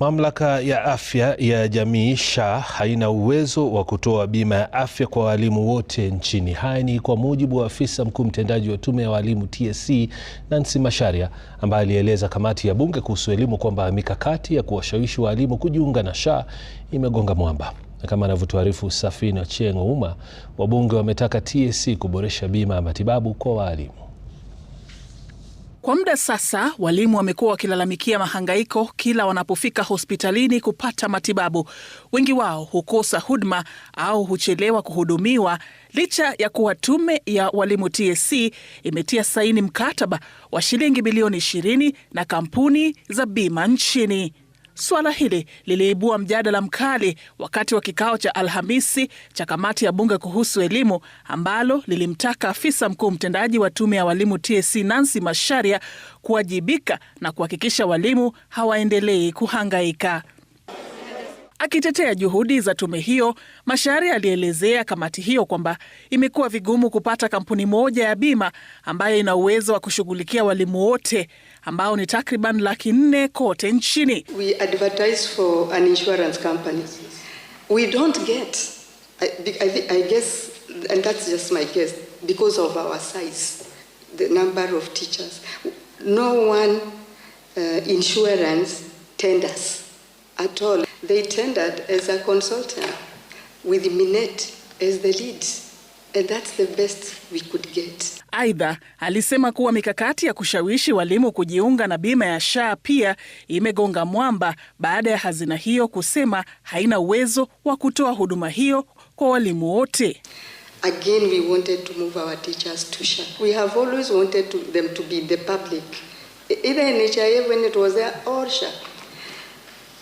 Mamlaka ya afya ya jamii SHA haina uwezo wa kutoa bima ya afya kwa walimu wote nchini. Haya ni kwa mujibu wa afisa mkuu mtendaji wa tume ya walimu TSC, Nancy masharia ambaye alieleza kamati ya bunge kuhusu elimu kwamba mikakati ya kuwashawishi walimu kujiunga na SHA imegonga mwamba, na kama anavyotuarifu Safina Chengo Uma, wabunge wametaka TSC kuboresha bima ya matibabu kwa walimu. Kwa muda sasa walimu wamekuwa wakilalamikia mahangaiko kila wanapofika hospitalini kupata matibabu. Wengi wao hukosa huduma au huchelewa kuhudumiwa licha ya kuwa tume ya walimu TSC imetia saini mkataba wa shilingi bilioni 20 na kampuni za bima nchini. Suala hili liliibua mjadala mkali wakati wa kikao cha Alhamisi cha kamati ya bunge kuhusu elimu ambalo lilimtaka afisa mkuu mtendaji wa tume ya walimu TSC Nancy Masharia kuwajibika na kuhakikisha walimu hawaendelei kuhangaika. Akitetea juhudi za tume hiyo, Mashari alielezea kamati hiyo kwamba imekuwa vigumu kupata kampuni moja ya bima ambayo ina uwezo wa kushughulikia walimu wote ambao ni takriban laki nne kote nchini. No one, uh, insurance tenders at all. They tendered as a consultant with Minette as the lead. And that's the best we could get. Aidha, alisema kuwa mikakati ya kushawishi walimu kujiunga na bima ya SHA pia imegonga mwamba baada ya hazina hiyo kusema haina uwezo wa kutoa huduma hiyo kwa walimu wote. Again, we wanted to move our teachers to SHA. We have always wanted to, them to be the public. E-, either NHIF when it was there or SHA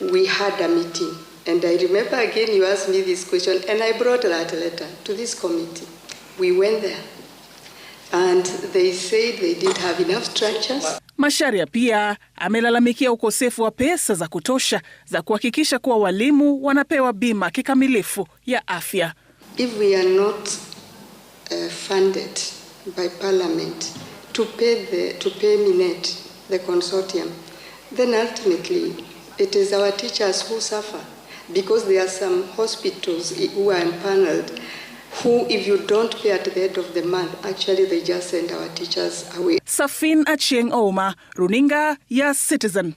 we had a meeting. And I remember again you asked me this question, and I brought that letter to this committee. We went there, and they said they didn't have enough structures. Masharia pia amelalamikia ukosefu wa pesa za kutosha za kuhakikisha kuwa walimu wanapewa bima kikamilifu ya afya. If we are not uh, funded by parliament to pay the, to pay Minet, the consortium, then ultimately It is our teachers who suffer because there are some hospitals who are impaneled who if you don't pay at the end of the month actually they just send our teachers away. Safin Achieng Oma, Runinga ya Citizen.